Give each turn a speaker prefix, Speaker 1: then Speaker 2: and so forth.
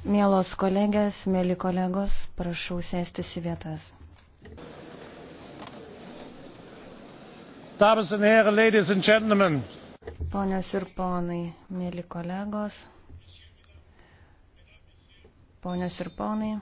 Speaker 1: Mielos kolegės, mėly kolegos, prašau sėstis į vietas.
Speaker 2: Ponios ir ponai, mėly kolegos, ponios ir ponai.